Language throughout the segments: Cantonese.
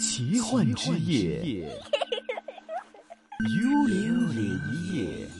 奇幻之夜，奇幻之夜 幽靈夜。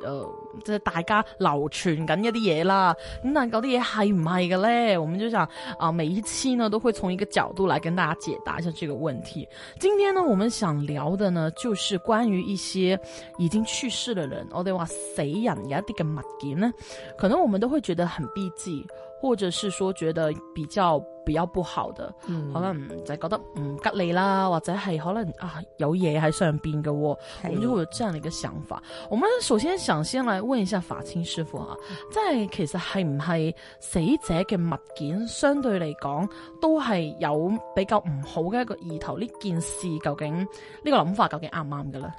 誒、呃，即、就、係、是、大家流傳緊一啲嘢啦，咁但嗰啲嘢係唔係嘅咧？我們就想，啊、呃、每一期呢都會從一個角度嚟跟大家解答一下這個問題。今天呢，我們想聊嘅呢，就是關於一些已經去世嘅人。我哋話，死人。有啲嘅物件呢，可能我們都會覺得很避忌，或者是說覺得比較。比較不好的，嗯、可能就覺得唔吉利啦，或者係可能啊有嘢喺上邊嘅，咁就會有這樣嘅想法。我們首先想先嚟問一下法清師傅吓、嗯，即係其實係唔係死者嘅物件相對嚟講都係有比較唔好嘅一個意頭？呢件事究竟呢、呢個諗法究竟啱唔啱嘅咧？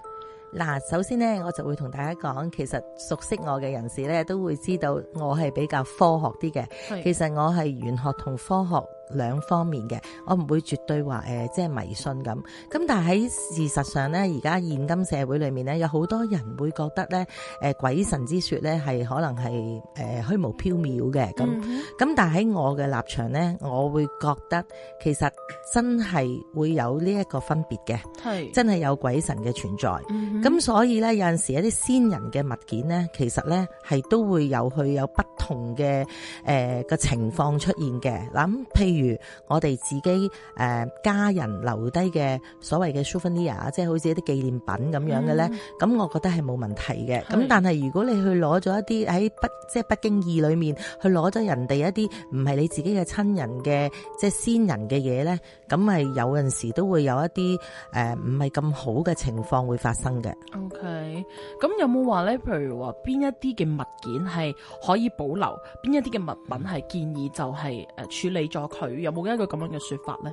嗱，首先咧我就會同大家講，其實熟悉我嘅人士咧都會知道我係比較科學啲嘅，其實我係玄學同科學。兩方面嘅，我唔會絕對話誒，即、呃、係迷信咁。咁但係喺事實上咧，而家現今社會裏面咧，有好多人會覺得咧，誒、呃、鬼神之說咧係可能係誒、呃、虛無縹緲嘅。咁咁、嗯、但係喺我嘅立場咧，我會覺得其實真係會有呢一個分別嘅，係真係有鬼神嘅存在。咁、嗯、所以咧，有陣時一啲先人嘅物件咧，其實咧係都會有佢有不同嘅誒個情況出現嘅。嗱、呃、譬如。如我哋自己誒、呃、家人留低嘅所謂嘅 souvenir 啊，即係好似一啲紀念品咁樣嘅咧，咁、嗯、我覺得係冇問題嘅。咁、嗯、但係如果你去攞咗一啲喺不即係不經意裏面去攞咗人哋一啲唔係你自己嘅親人嘅即係先人嘅嘢，咧，咁係有陣時都會有一啲誒唔係咁好嘅情況會發生嘅。OK，咁有冇話咧？譬如話邊一啲嘅物件係可以保留，邊一啲嘅物品係建議就係誒處理咗佢。有冇一個咁樣嘅說法呢？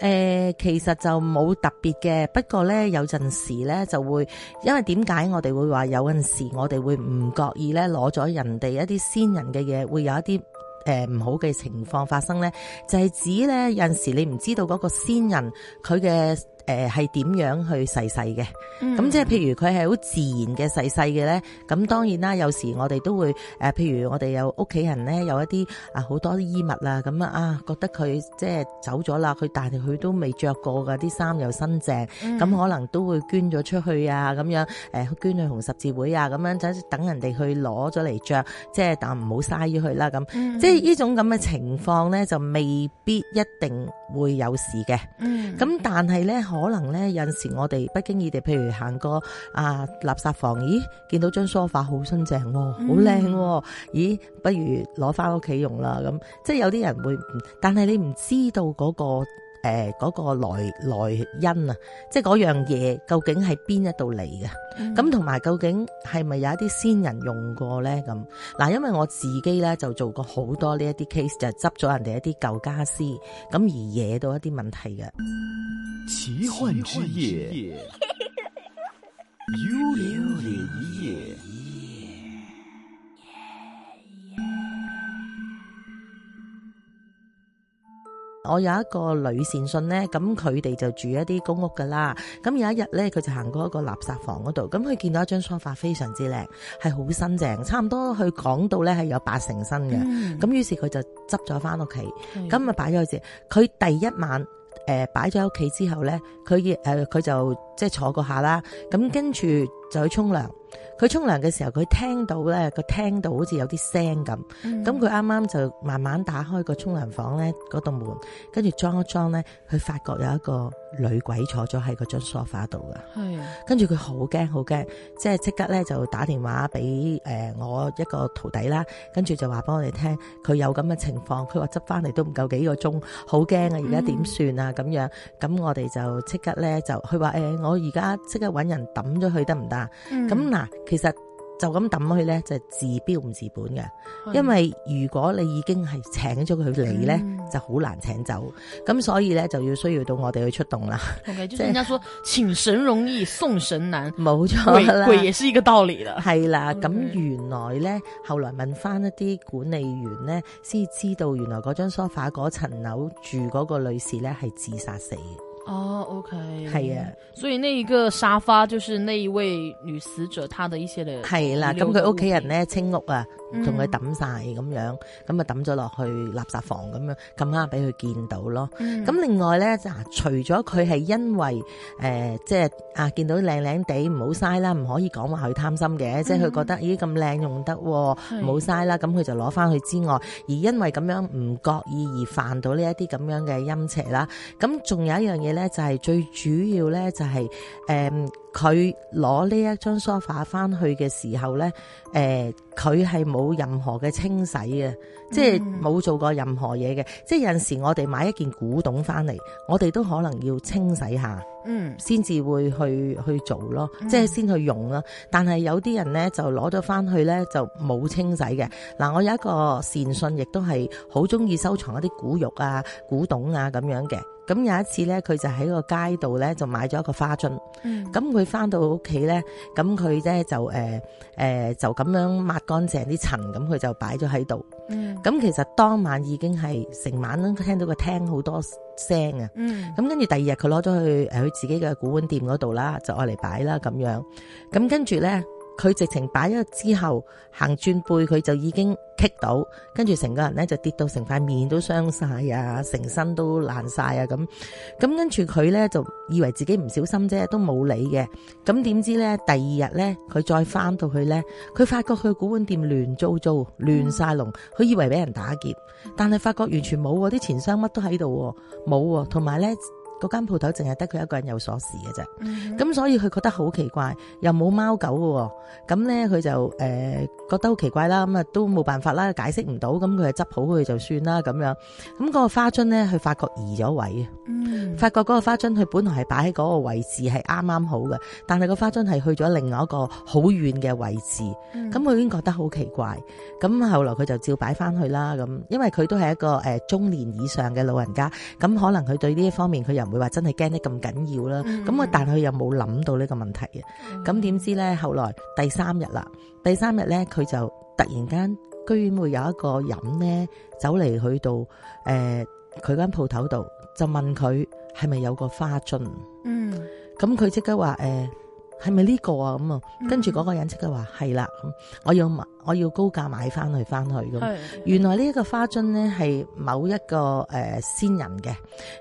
誒、呃，其實就冇特別嘅，不過呢，有陣時呢就會，因為點解我哋會話有陣時我哋會唔覺意呢？攞咗人哋一啲先人嘅嘢，會有一啲誒唔好嘅情況發生呢，就係、是、指呢，有陣時你唔知道嗰個先人佢嘅。誒係點樣去逝世嘅？咁、mm-hmm. 即係譬如佢係好自然嘅逝世嘅咧，咁當然啦。有時我哋都會誒、呃，譬如我哋有屋企人咧，有一啲啊好多衣物啊，咁、嗯、啊啊覺得佢即係走咗啦，佢但係佢都未着過㗎，啲衫又新淨，咁、mm-hmm. 可能都會捐咗出去啊，咁樣誒、呃、捐去紅十字會啊，咁樣等人哋去攞咗嚟着。即係但唔好嘥咗佢啦。咁、mm-hmm. 即係呢種咁嘅情況咧，就未必一定會有事嘅。咁、mm-hmm. 但係咧。可能咧，有陣時我哋不經意地，譬如行過啊垃圾房，咦，見到張梳化好新淨，好、嗯、靚、啊，咦，不如攞翻屋企用啦咁。即係有啲人會，但係你唔知道嗰、那個。誒、呃，嗰、那個來來因啊，即係嗰樣嘢究竟係邊一度嚟嘅？咁同埋究竟係咪有一啲先人用過咧？咁嗱，因為我自己咧就做過好多呢一啲 case，就執咗人哋一啲舊傢俬，咁而惹到一啲問題嘅。 我有一個女善信咧，咁佢哋就住一啲公屋噶啦。咁有一日咧，佢就行過一個垃圾房嗰度，咁佢見到一張梳化非常之靚，係好新淨，差唔多佢講到咧係有八成新嘅。咁、嗯、於是佢就執咗翻屋企，咁咪擺咗喺度。佢、嗯、第一晚誒擺咗喺屋企之後咧，佢誒佢就即係坐過下啦。咁跟住，嗯就去沖涼，佢沖涼嘅時候，佢聽到咧，佢聽，聽到好似有啲聲咁。咁佢啱啱就慢慢打開個沖涼房咧度門，跟住裝一裝咧，佢發覺有一個女鬼坐咗喺張梳化度噶。係啊，跟住佢好驚好驚，即係即刻咧就打電話俾誒、呃、我一個徒弟啦，跟住就話俾我哋聽，佢有咁嘅情況。佢話執翻嚟都唔夠幾個鐘，好驚啊！而家點算啊？咁、嗯、樣咁我哋就即刻咧就，佢話誒我而家即刻搵人抌咗佢得唔得？行不行咁、嗯、嗱、嗯，其實就咁抌去咧，就治、是、標唔治本嘅、嗯。因為如果你已經係請咗佢嚟咧，就好難請走。咁所以咧，就要需要到我哋去出動啦。O、嗯、 就人家說、就是、請神容易送神難，冇錯啦。鬼也是一個道理的啦。係、okay、啦，咁原來咧，後來問翻一啲管理員咧，先知道原來嗰張梳化嗰層樓住嗰個女士咧係自殺死嘅。哦、oh，OK，係啊，所以呢一個沙發就係呢一位女死者，她的一些嘅係啦，咁佢屋企人咧清屋啊。同佢抌晒，咁、嗯、樣，咁啊抌咗落去垃圾房咁樣，咁啱俾佢見到咯。咁、嗯、另外咧，除咗佢係因為誒、呃，即係啊，見到靚靚地唔好嘥啦，唔可以講話佢貪心嘅、嗯，即係佢覺得咦咁靚用得喎，唔好嘥啦，咁佢就攞翻去之外，而因為咁樣唔覺意而犯到呢一啲咁樣嘅陰邪啦。咁仲有一樣嘢咧，就係、是、最主要咧，就係、是嗯佢攞呢一張梳化翻去嘅時候呢，誒、呃，佢係冇任何嘅清洗嘅、嗯，即係冇做過任何嘢嘅，即係有陣時我哋買一件古董翻嚟，我哋都可能要清洗下。嗯，先至會去去做咯，即係先去用咯、嗯、但係有啲人咧就攞咗翻去咧就冇清洗嘅。嗱、嗯，我有一個善信亦都係好中意收藏一啲古玉啊、古董啊咁樣嘅。咁有一次咧，佢就喺個街度咧就買咗一個花樽。咁佢翻到屋企咧，咁佢咧就誒誒、呃呃、就咁樣抹乾淨啲塵，咁佢就擺咗喺度。咁、嗯、其實當晚已經係成晚都聽到個廳好多。聲啊，嗯，咁跟住第二日佢攞咗去誒，佢自己嘅古玩店嗰度啦，就攞嚟擺啦咁樣，咁跟住咧。佢直情擺咗之後行轉背，佢就已經棘到，跟住成個人咧就跌到成塊面都傷曬啊，成身都爛曬啊咁。咁跟住佢咧就以為自己唔小心啫，都冇理嘅。咁點知咧第二日咧，佢再返到去咧，佢發覺佢古玩店亂糟糟、亂曬龍，佢以為俾人打劫，但係發覺完全冇喎，啲錢箱乜都喺度喎，冇喎，同埋咧。嗰間鋪頭淨係得佢一個人有鎖匙嘅啫，咁、mm-hmm. 所以佢覺得好奇怪，又冇貓狗嘅、啊，咁咧佢就誒、呃、覺得好奇怪啦，咁啊都冇辦法啦，解釋唔到，咁佢就執好佢就算啦咁樣。咁、那、嗰個花樽咧，佢發覺移咗位，發覺嗰個花樽佢本來係擺喺嗰個位置係啱啱好嘅，但係個花樽係去咗另外一個好遠嘅位置，咁、mm-hmm. 佢已經覺得好奇怪。咁後來佢就照擺翻去啦，咁因為佢都係一個、呃、中年以上嘅老人家，咁可能佢對呢一方面佢有～唔會話真係驚得咁緊要啦，咁、嗯、啊但佢又冇諗到呢個問題嘅，咁點知咧後來第三日啦，第三日咧佢就突然間居然會有一個人咧走嚟，去到誒佢間鋪頭度就問佢係咪有個花樽，嗯，咁佢即刻話誒。呃係咪呢個啊咁啊？跟住嗰個人即刻話係啦，我要我要高價買翻去翻去咁。原來呢一個花樽咧係某一個、呃、先人嘅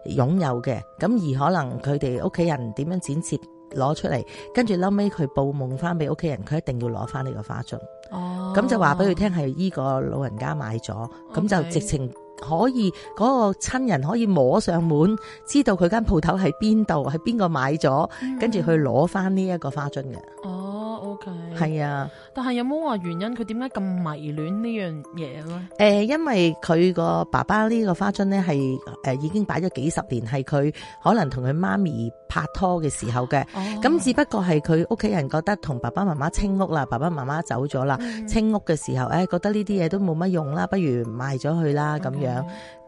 擁有嘅，咁而可能佢哋屋企人點樣剪接攞出嚟，跟住後尾，佢報夢翻俾屋企人，佢一定要攞翻呢個花樽。哦，咁就話俾佢聽係依個老人家買咗，咁、哦、就直情。可以嗰、嗰個親人可以摸上門，知道佢間鋪頭係邊度，係邊個買咗，跟、mm-hmm. 住去攞翻呢一個花樽嘅。Oh. OK，係啊，但係有冇話原因佢點解咁迷戀呢樣嘢咧？誒、呃，因為佢個爸爸呢個花樽咧係誒已經擺咗幾十年，係佢可能同佢媽咪拍拖嘅時候嘅。咁、哦、只不過係佢屋企人覺得同爸爸媽媽清屋啦，爸爸媽媽走咗啦、嗯，清屋嘅時候誒、哎、覺得呢啲嘢都冇乜用啦，不如賣咗佢啦咁樣，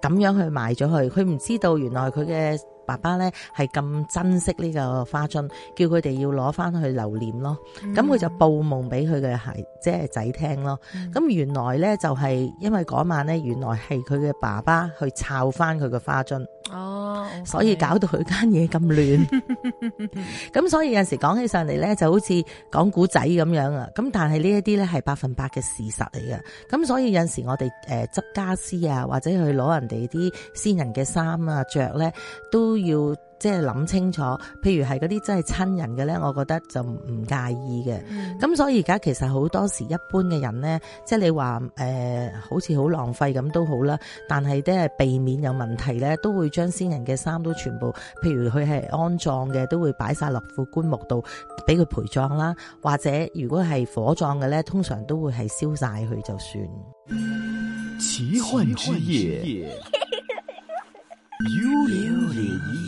咁、okay. 樣去賣咗佢，佢唔知道原來佢嘅。爸爸咧係咁珍惜呢個花樽，叫佢哋要攞翻去留念咯。咁、嗯、佢就報夢俾佢嘅孩，即係仔聽咯。咁、嗯、原來咧就係、是、因為嗰晚咧，原來係佢嘅爸爸去摷翻佢嘅花樽。哦、oh, okay. 所以搞到佢間嘢咁亂，咁所以有陣時講起上嚟咧，就好似講古仔咁樣啊！咁但係呢一啲咧係百分百嘅事實嚟嘅，咁所以有陣時我哋誒執家私啊，或者去攞人哋啲私人嘅衫啊着咧、啊，都要。即係諗清楚，譬如係嗰啲真係親人嘅咧，我覺得就唔介意嘅。咁所以而家其實好多時一般嘅人咧，即係你話誒、呃，好似好浪費咁都好啦。但係都係避免有問題咧，都會將先人嘅衫都全部，譬如佢係安葬嘅，都會擺晒落副棺木度，俾佢陪葬啦。或者如果係火葬嘅咧，通常都會係燒晒佢就算。奇幻之夜，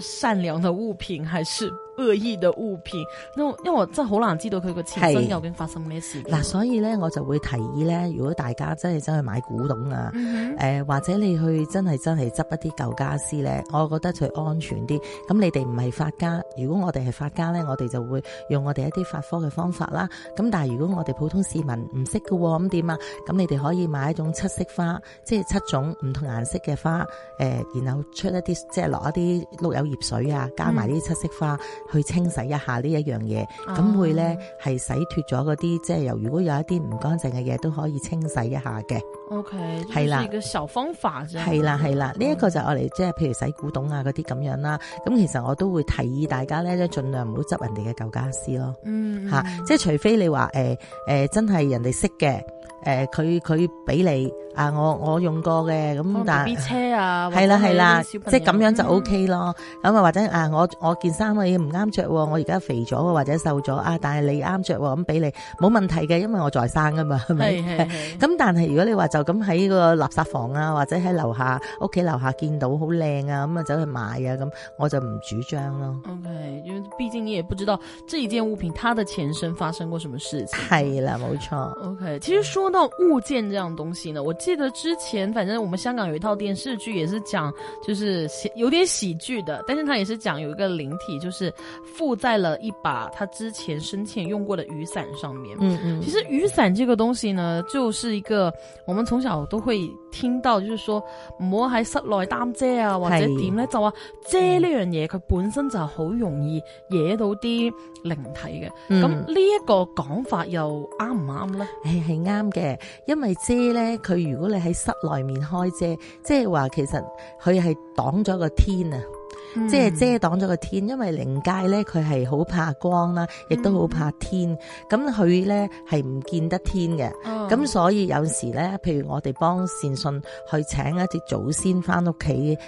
善良的物品還是？惡意的物品，因因為我真係好難知道佢個前身究竟發生咩事。嗱、啊，所以咧，我就會提議咧，如果大家真係真去買古董啊，誒、嗯呃，或者你去真係真係執一啲舊家私咧，我覺得最安全啲。咁你哋唔係法家，如果我哋係法家咧，我哋就會用我哋一啲法科嘅方法啦。咁但係如果我哋普通市民唔識嘅，咁點啊？咁你哋可以買一種七色花，即係七種唔同顏色嘅花，誒、呃，然後出一啲，即係落一啲碌柚葉水啊，加埋啲七色花。嗯去清洗一下呢一樣嘢，咁會咧係洗脫咗嗰啲，即係由如果有一啲唔乾淨嘅嘢都可以清洗一下嘅。O K，係啦，一個小方法啫。係啦係啦，呢一、嗯，這個就我嚟，即係譬如洗古董啊嗰啲咁樣啦。咁其實我都會提議大家咧，即盡量唔好執人哋嘅舊家私咯。嗯，吓、啊嗯，即係除非你話誒誒，真係人哋識嘅，誒佢佢俾你啊，我我用過嘅，咁，但係俾車啊，係啦係啦，即係咁樣就 O K 咯。咁啊或者啊，我我件衫你唔啱着，我而家肥咗或者瘦咗啊，但係你啱着咁俾、啊、你，冇問題嘅，因為我在生啊嘛，係咪？咁但係如果你話。就咁喺個垃圾房啊，或者喺樓下屋企樓下見到好靚啊，咁啊走去買啊咁，我就唔主張咯。OK，因為畢竟你也不知道這一件物品它的前身發生過什麼事情，係啦冇錯。OK，其實說到物件這樣東西呢，嗯、我記得之前反正我們香港有一套電視劇也是講，就是有點喜劇的，但是佢也是講有一個靈體，就是附在了一把佢之前生前用過的雨傘上面。嗯嗯，其實雨傘這個東西呢，就是一個我們。從小都會聽到，就是說不要在室，就是說唔好喺室內擔遮啊，或者點呢？就話遮呢樣嘢，佢本身就係好容易惹到啲靈體嘅。咁呢一個講法又啱唔啱呢？誒，係啱嘅，因為遮呢，佢如果你喺室內面開遮，即係話其實佢係擋咗個天啊。即係遮擋咗個天，因為靈界咧佢係好怕光啦，亦都好怕天。咁佢咧係唔見得天嘅。咁、嗯、所以有時咧，譬如我哋幫善信去請一隻祖先翻屋企誒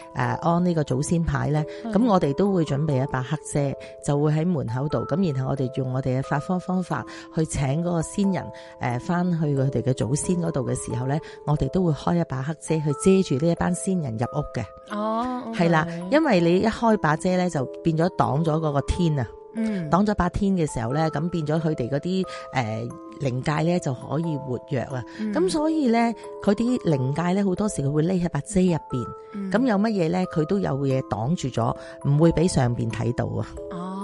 安呢個祖先牌咧，咁、嗯、我哋都會準備一把黑遮，就會喺門口度。咁然後我哋用我哋嘅法科方，方法去請嗰個先人誒翻、呃、去佢哋嘅祖先嗰度嘅時候咧，我哋都會開一把黑遮去遮住呢一班先人入屋嘅。哦、嗯，係啦、嗯，因為你一開把遮咧就變咗擋咗嗰個天啊，擋、嗯、咗把天嘅時候咧，咁變咗佢哋嗰啲誒靈界咧就可以活躍啊。咁、嗯、所以咧，佢啲靈界咧好多時佢會匿喺把遮入邊，咁、嗯、有乜嘢咧，佢都有嘢擋住咗，唔會俾上邊睇到啊。哦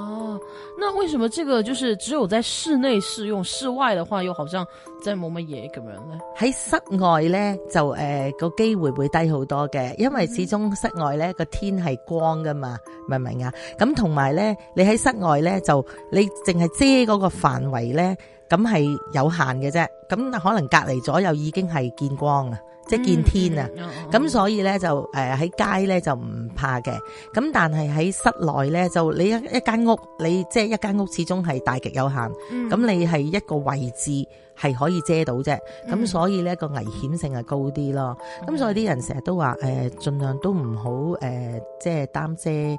那為什麼這個就是只有在室內適用，室外的話又好像真係冇乜嘢咁樣咧？喺室外咧就誒個、呃、機會會低好多嘅，因為始終室外咧個天係光噶嘛，明唔明啊？咁同埋咧，你喺室外咧就你淨係遮嗰個範圍咧，咁係有限嘅啫，咁可能隔離咗又已經係見光啦。即係見天啊，咁、嗯嗯嗯、所以咧就誒喺、呃、街咧就唔怕嘅，咁、嗯、但係喺室內咧就你一一間屋，你即係、就是、一間屋始終係大極有限，咁、嗯嗯嗯、你係一個位置係可以遮到啫，咁、嗯、所以咧個危險性係高啲咯。咁、嗯、所以啲人成日都話誒、呃，盡量都唔好誒，即係擔遮誒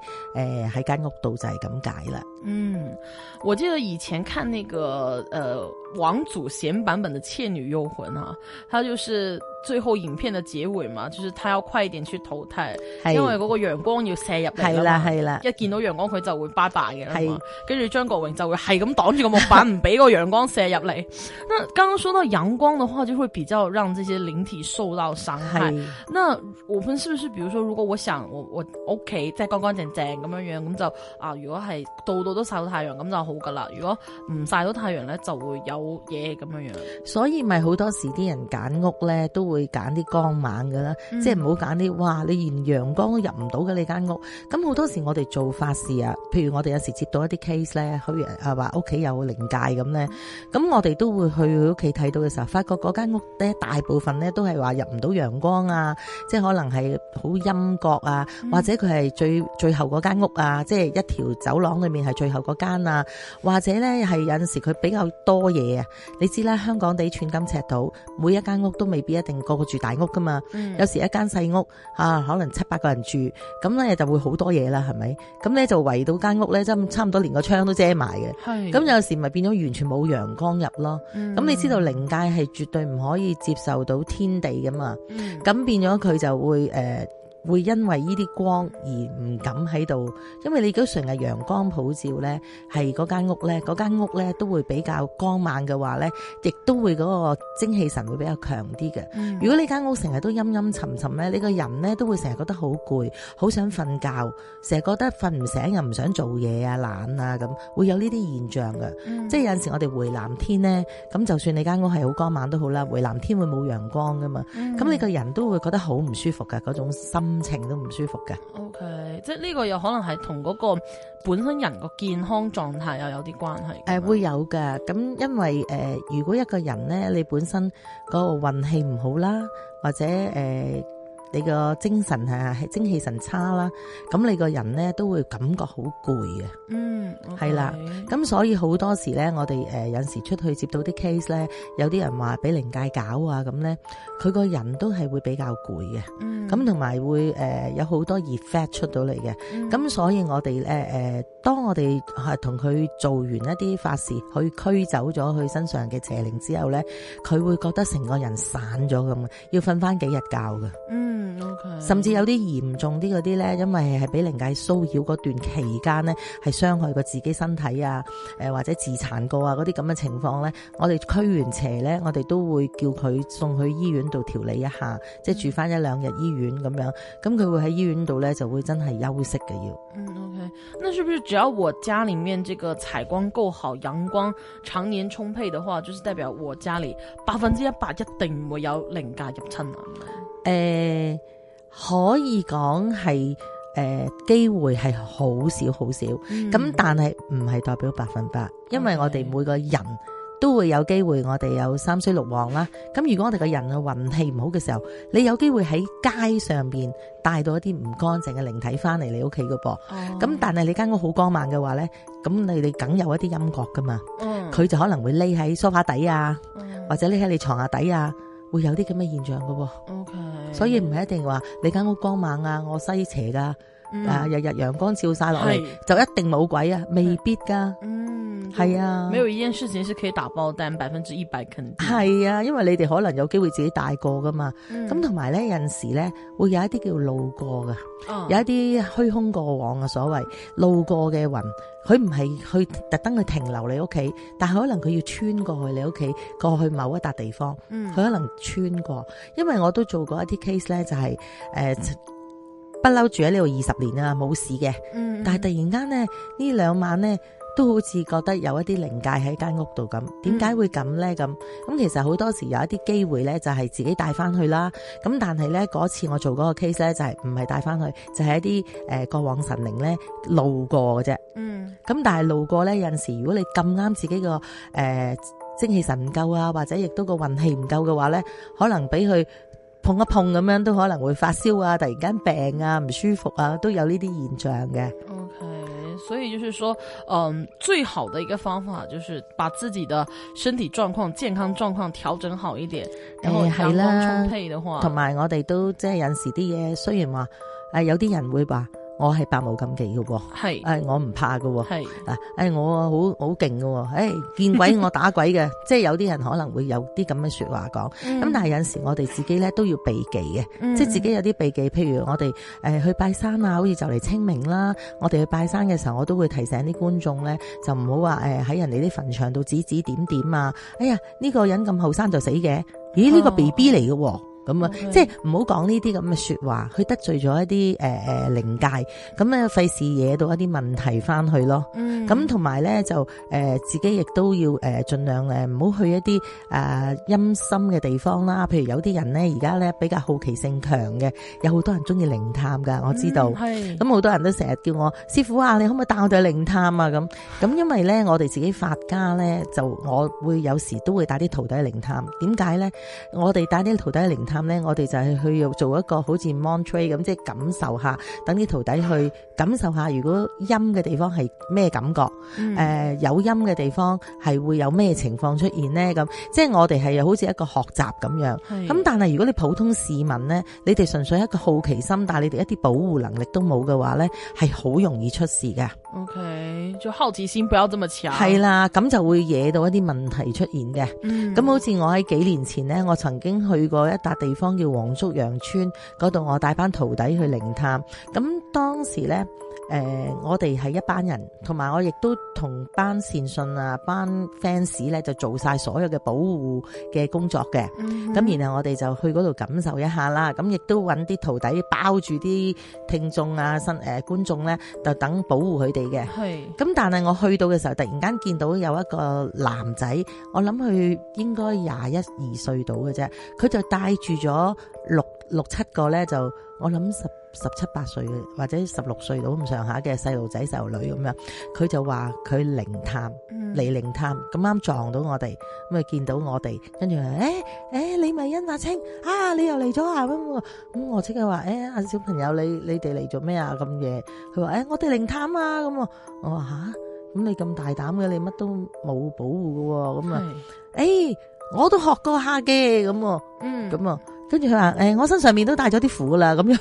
喺間屋度就係咁解啦。嗯，我記得以前看那個誒、呃、王祖賢版本的《倩女幽魂》啊，佢就是。最後影片的結尾嘛，就是他要快一點去淘汰，因為嗰個陽光要射入嚟。係啦係啦，一見到陽光佢就會擺大嘅啦。係，跟住張國榮就會係咁擋住個木板，唔俾個陽光射入嚟。那剛剛說到陽光的話，就會比較讓這些靈體受到傷害。那我們是不是，比如說，如果我想我我屋企即係乾乾淨淨咁樣樣，咁就啊，如果係到度，度都曬到太陽咁就好噶啦。如果唔曬到太陽咧，就會有嘢咁樣樣。所以咪好多時啲人揀屋咧，都會。會揀啲光猛嘅啦、嗯，即係唔好揀啲哇！你連陽光都入唔到嘅你間屋，咁好多時我哋做法事啊，譬如我哋有時接到一啲 case 咧，好似話屋企有靈界咁咧，咁、嗯、我哋都會去佢屋企睇到嘅時候，發覺嗰間屋咧大部分咧都係話入唔到陽光啊，即係可能係好陰角啊，或者佢係最最後嗰間屋啊，即係一條走廊裏面係最後嗰間啊，或者咧係有陣時佢比較多嘢啊，你知啦，香港地寸金尺土，每一間屋都未必一定。個個住大屋噶嘛、嗯，有時一間細屋啊，可能七八個人住，咁咧就會好多嘢啦，係咪？咁咧就圍到間屋咧，就差唔多連個窗都遮埋嘅。咁有時咪變咗完全冇陽光入咯。咁、嗯、你知道靈界係絕對唔可以接受到天地噶嘛？咁、嗯、變咗佢就會誒。呃會因為呢啲光而唔敢喺度，因為你如果成日陽光普照咧，係嗰間屋咧，嗰間屋咧都會比較光猛嘅話咧，亦都會嗰個精氣神會比較強啲嘅、嗯。如果呢間屋成日都陰陰沉沉咧，你個人咧都會成日覺得好攰，好想瞓覺，成日覺得瞓唔醒又唔想做嘢啊懶啊咁，會有呢啲現象㗎、嗯。即係有陣時我哋回南天咧，咁就算你間屋係好光猛都好啦，回南天會冇陽光噶嘛，咁、嗯、你個人都會覺得好唔舒服嘅嗰種心。心情都唔舒服嘅，OK，即係呢個又可能係同嗰個本身人個健康狀態又有啲關係，誒、呃、會有嘅。咁因為誒、呃、如果一個人咧，你本身嗰個運氣唔好啦，或者誒。呃，嗯。你個精神係精氣神差啦，咁你個人咧都會感覺好攰嘅。嗯、係、okay。啦，咁所以好多時咧，我哋誒有陣時出去接到啲 case 咧，有啲人話俾靈界搞啊咁咧，佢個人都係會比較攰嘅。咁同埋會誒、呃、有好多熱 effect 出到嚟嘅。咁、嗯、所以我哋咧誒，當我哋係同佢做完一啲法事，去驅走咗佢身上嘅邪靈之後咧，佢會覺得成個人散咗咁，要瞓翻幾日覺嘅。嗯。嗯、okay, 甚至有啲嚴重啲嗰啲呢，因為係俾靈界騷擾嗰段期間呢，係傷害過自己身體啊，誒、呃、或者自殘過啊嗰啲咁嘅情況呢。我哋驅完邪呢，我哋都會叫佢送他去醫院度調理一下，嗯、即係住翻一兩日醫院咁樣，咁佢會喺醫院度呢，就會真係休息嘅要嗯。嗯，OK，那是不是只要我家裏面這個採光夠好，陽光常年充沛的話，就是代表我家裏百分之一百一定會有靈界入侵啊？誒、呃，可以講係誒機會係好少好少，咁、嗯、但係唔係代表百分百，因為我哋每個人都會有機會，我哋有三衰六旺啦。咁如果我哋個人嘅運氣唔好嘅時候，你有機會喺街上邊帶到一啲唔乾淨嘅靈體翻嚟你，哦、你屋企嘅噃。咁但係你間屋好光猛嘅話咧，咁你哋梗有一啲音樂噶嘛。佢、嗯、就可能會匿喺梳化底啊，嗯、或者匿喺你床下底啊。會有啲咁嘅現象噶 okay。所以唔係一定話你間屋光猛啊，我西斜噶。日日陽光照晒落去就一定冇鬼啊，未必噶。嗯，係啊，沒有一件事情是可以打包單百分之一百肯定。係啊，因為你哋可能有機會自己帶過噶嘛。咁同埋咧，有陣時咧會有一啲叫路過噶，啊，有一啲虛空過往啊，所謂路過嘅雲，佢唔係去特登去停留你屋企，但係可能佢要穿過去你屋企，過去某一笪地方。佢，嗯，可能穿過，因為我都做過一啲 case 咧，就係、是、誒。呃嗯不嬲住喺呢度二十年啊，冇事嘅，嗯。但係突然間咧，這兩呢兩晚咧都好似覺得有一啲靈界喺間屋度咁。點解會咁咧？咁，嗯，咁其實好多時有一啲機會咧，就係自己帶翻去啦。咁但係咧，嗰次我做嗰個 case 咧，就係唔係帶翻去，就係，是，一啲誒，呃，過往神靈咧路過嘅啫。嗯。咁但係路過咧，有陣時如果你咁啱自己個誒，呃，精氣神唔夠啊，或者亦都個運氣唔夠嘅話咧，可能俾佢。碰一碰咁樣都可能會發燒啊，突然間病啊，唔舒服啊，都有呢啲現象嘅。OK，所以就是說，嗯，最好的一個方法就是把自己的身體狀況、健康狀況調整好一點，然後陽光充沛的話，同埋我哋都即係有時啲嘢，雖然話誒有啲人會話。我係百無禁忌嘅、哦，係，誒、哎，我唔怕㗎係、哦，嗱，誒、哎，我好好勁嘅、哦，誒、哎，見鬼我打鬼嘅， 即係有啲人可能會有啲咁嘅說話講，咁、嗯、但係有時我哋自己咧都要避忌嘅、嗯，即係自己有啲避忌，譬如我哋誒、呃、去拜山啊，好似就嚟清明啦，我哋去拜山嘅時候，我都會提醒啲觀眾咧，就唔好話誒喺人哋啲墳場度指指點點啊，哎呀呢、這個人咁後生就死嘅，咦呢、這個 B B 嚟嘅。哦咁啊，Okay. 即係唔好講呢啲咁嘅說話，去得罪咗一啲誒誒靈界，咁咧費事惹到一啲問題翻去咯。咁同埋咧就誒、呃、自己亦都要誒、呃、盡量誒唔好去一啲誒陰森嘅地方啦。譬如有啲人咧而家咧比較好奇性強嘅，有好多人中意靈探噶，我知道。係、咁、嗯、好多人都成日叫我師傅啊，你可唔可以帶我哋去靈探啊？咁咁因為咧我哋自己發家咧，就我會有時都會帶啲徒弟去靈探。點解咧？我哋帶啲徒弟去靈探。我哋就係去做一個好似 monterey 咁，即係感受一下，等啲徒弟去感受一下，如果陰嘅地方係咩感覺，誒、嗯呃，有陰嘅地方係會有咩情況出現呢？咁，即係我哋係好似一個學習咁樣。咁但係如果你普通市民呢，你哋純粹一個好奇心，但係你哋一啲保護能力都冇嘅話呢，係好容易出事嘅。O、okay, K，就好奇心不要這麼強，係啦，咁就會惹到一啲問題出現嘅。咁、嗯、好似我喺幾年前呢，我曾經去過一笪地方叫黃竹洋村嗰度，那我帶班徒弟去靈探，咁當時呢。誒、呃，我哋係一班人，同埋我亦都同班善信啊，班 fans 咧就做晒所有嘅保護嘅工作嘅。咁、嗯、然後我哋就去嗰度感受一下啦。咁亦都揾啲徒弟包住啲聽眾啊、新誒、呃、觀眾咧，就等保護佢哋嘅。係。咁但係我去到嘅時候，突然間見到有一個男仔，我諗佢應該廿一二歲到嘅啫。佢就帶住咗六六七個咧，就我諗十十七八歲或者十六歲到咁上下嘅細路仔細路女咁樣，佢就話佢靈探嚟，靈探，咁啱撞到我哋，咁啊見到我哋，跟住話誒誒，李、欸、咪、欸、欣阿青啊，你又嚟咗啊咁，咁我即刻話誒、欸，小朋友你你哋嚟做咩啊咁夜？佢話誒，我哋靈探啊，咁我話吓，咁、啊、你咁大膽嘅，你乜都冇保護㗎喎，咁啊，誒、欸，我都學過下嘅，咁嗯，咁啊。跟住佢話誒，我身上面都帶咗啲符啦，咁樣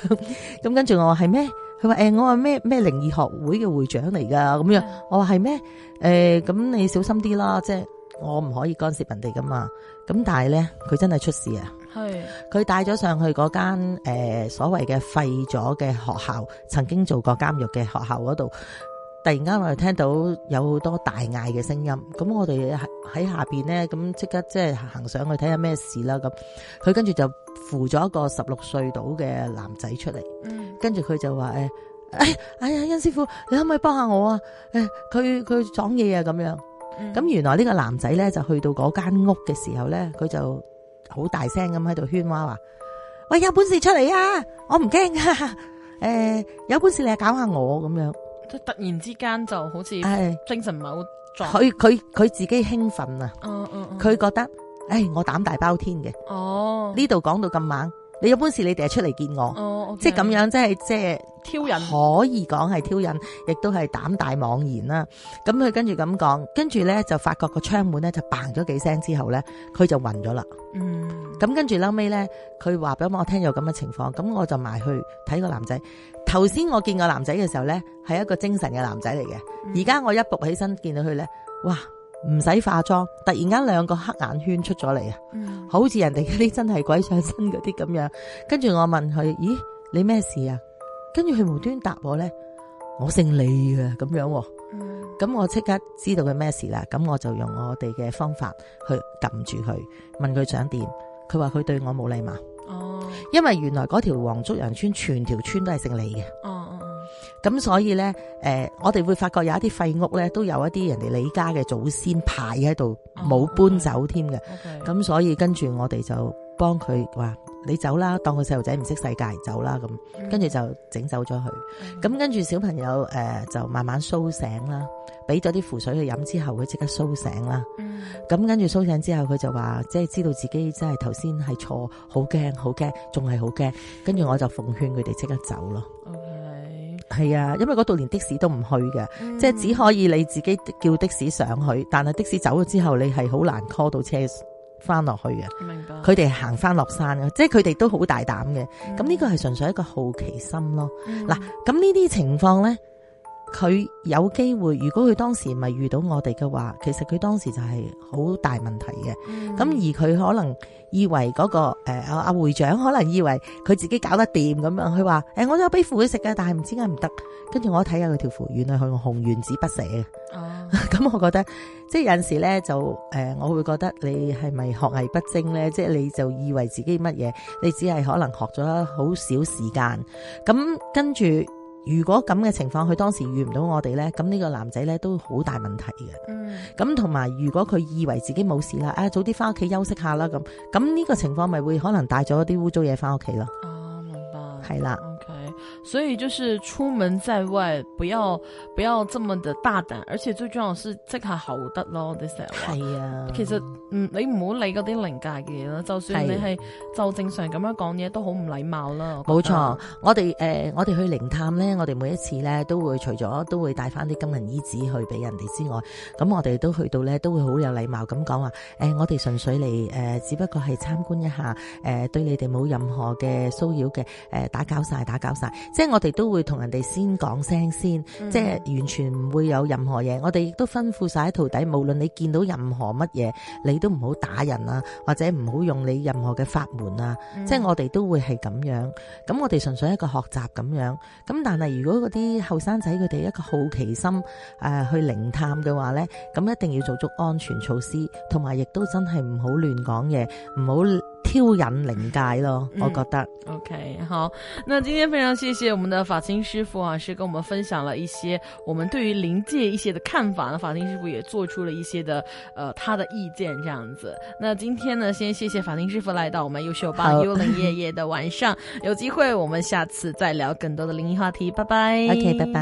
咁跟住我話係咩？佢話誒，我話咩咩靈異學會嘅會長嚟噶，咁樣我話係咩？誒、哎，咁你小心啲啦，即係我唔可以干涉人哋噶嘛。咁但係咧，佢真係出事啊！係佢帶咗上去嗰間誒、呃、所謂嘅廢咗嘅學校，曾經做過監獄嘅學校嗰度，突然間我哋聽到有好多大嗌嘅聲音，咁我哋喺下邊咧，咁即刻即係行上去睇下咩事啦。咁佢跟住就。扶咗一個十六歲到嘅男仔出嚟，跟住佢就話：，誒，哎，哎呀，殷師傅，你可唔可以幫下我啊？誒、哎，佢佢撞嘢啊，咁樣。咁、嗯、原來呢個男仔咧就去到嗰間屋嘅時候咧，佢就好大聲咁喺度喧嘩話：，喂，有本事出嚟啊！我唔驚、啊，誒、哎，有本事你嚟搞下我，咁樣。即突然之間就好似，係精神唔係好，佢佢佢自己興奮啊！哦哦佢覺得。誒，我膽大包天嘅。哦，呢度講到咁猛，你有本事你哋就出嚟見我，哦、okay，即係咁樣，即係即係挑釁，可以講係挑釁，亦都係膽大妄言啦。咁佢跟住咁講，跟住咧就發覺個窗門咧就嘭咗幾聲之後咧，佢就暈咗啦。嗯，咁跟住嬲尾咧，佢話俾我聽有咁嘅情況，咁我就埋去睇個男仔。頭先我見個男仔嘅時候咧，係一個精神嘅男仔嚟嘅，而、嗯、家我一仆起身見到佢咧，哇！唔使化妝，突然間兩個黑眼圈出咗嚟啊！好似人哋嗰啲真係鬼上身嗰啲咁樣。跟住我問佢：咦，你咩事啊？跟住佢無端答我呢，我姓李啊，咁樣。咁、嗯、我即刻知道佢咩事啦。咁我就用我哋嘅方法去撳住佢，問佢想點。佢話佢對我冇禮貌。哦，因為原來嗰條黃竹洋村全條村都係姓李嘅。哦。咁所以咧，誒、呃，我哋會發覺有一啲廢屋咧，都有一啲人哋李家嘅祖先牌喺度，冇搬走添嘅。咁、okay. okay. 所以跟住我哋就幫佢話：你走啦，當佢細路仔唔識世界走啦。咁跟住就整走咗佢。咁、mm-hmm. 跟住小朋友誒、呃、就慢慢甦醒啦。俾咗啲符水去飲之後，佢即刻甦醒啦。咁、mm-hmm. 跟住甦醒之後，佢就話即係知道自己真係頭先係錯，好驚好驚，仲係好驚。跟住我就奉勸佢哋即刻走咯。係啊，因為嗰度連的士都唔去嘅，即、嗯、係只可以你自己叫的士上去，但係的士走咗之後，你係好難 call 到車翻落去嘅。明白。佢哋行翻落山啊，即係佢哋都好大膽嘅。咁、嗯、呢個係純粹一個好奇心咯。嗱、嗯，咁呢啲情況呢，佢有機會，如果佢當時唔係遇到我哋嘅話，其實佢當時就係好大問題嘅。咁、嗯、而佢可能。以為嗰個、那個誒阿阿會長可能以為佢自己搞得掂咁樣，佢話誒我都有俾符佢食噶，但係唔知點解唔得。跟住我睇下佢條符，原來佢用紅原子筆寫嘅。哦、嗯，咁我覺得即係有陣時咧就誒、呃，我會覺得你係咪學藝不精咧？即係你就以為自己乜嘢？你只係可能學咗好少時間，咁跟住。如果咁嘅情況，佢當時遇唔到我哋呢，咁、這、呢個男仔呢，都好大問題嘅。嗯。咁同埋，如果佢以為自己冇事啦、這個，啊早啲翻屋企休息下啦咁，咁呢個情況咪會可能帶咗啲污糟嘢翻屋企咯。啊，明白。係啦。所以就是出門在外，不要不要這麼的大膽，而且最重要是，即下好得咯，係啊，其實嗯，你唔好理嗰啲靈界嘅嘢咯，就算你係就正常咁樣講嘢都好唔禮貌啦。冇錯，我哋誒、嗯，我哋去靈探咧，我哋每一次咧都會除咗都會帶翻啲金銀衣紙去俾人哋之外，咁我哋都去到咧都會好有禮貌咁講話，誒、呃，我哋純粹嚟誒、呃，只不過係參觀一下，誒、呃，對你哋冇任何嘅騷擾嘅，誒、呃，打攪晒，打攪晒。即係我哋都會同人哋先講聲先，嗯、即係完全唔會有任何嘢。我哋亦都吩咐晒啲徒弟，無論你見到任何乜嘢，你都唔好打人啊，或者唔好用你任何嘅法門啊。嗯、即係我哋都會係咁樣。咁我哋純粹一個學習咁樣。咁但係如果嗰啲後生仔佢哋一個好奇心、呃、去靈探嘅話呢，咁一定要做足安全措施，同埋亦都真係唔好亂講嘢，唔好。挑引靈界咯、嗯，我覺得。OK，好，那今天非常謝謝我們的法清師傅啊，是跟我們分享了一些我們對於靈界一些的看法。呢，法清師傅也做出了一些的，呃，他的意見，這樣子。那今天呢，先謝謝法清師傅來到我們優秀吧，幽靈夜夜的晚上，有機會我們下次再聊更多的靈異話題，拜拜。OK，拜拜。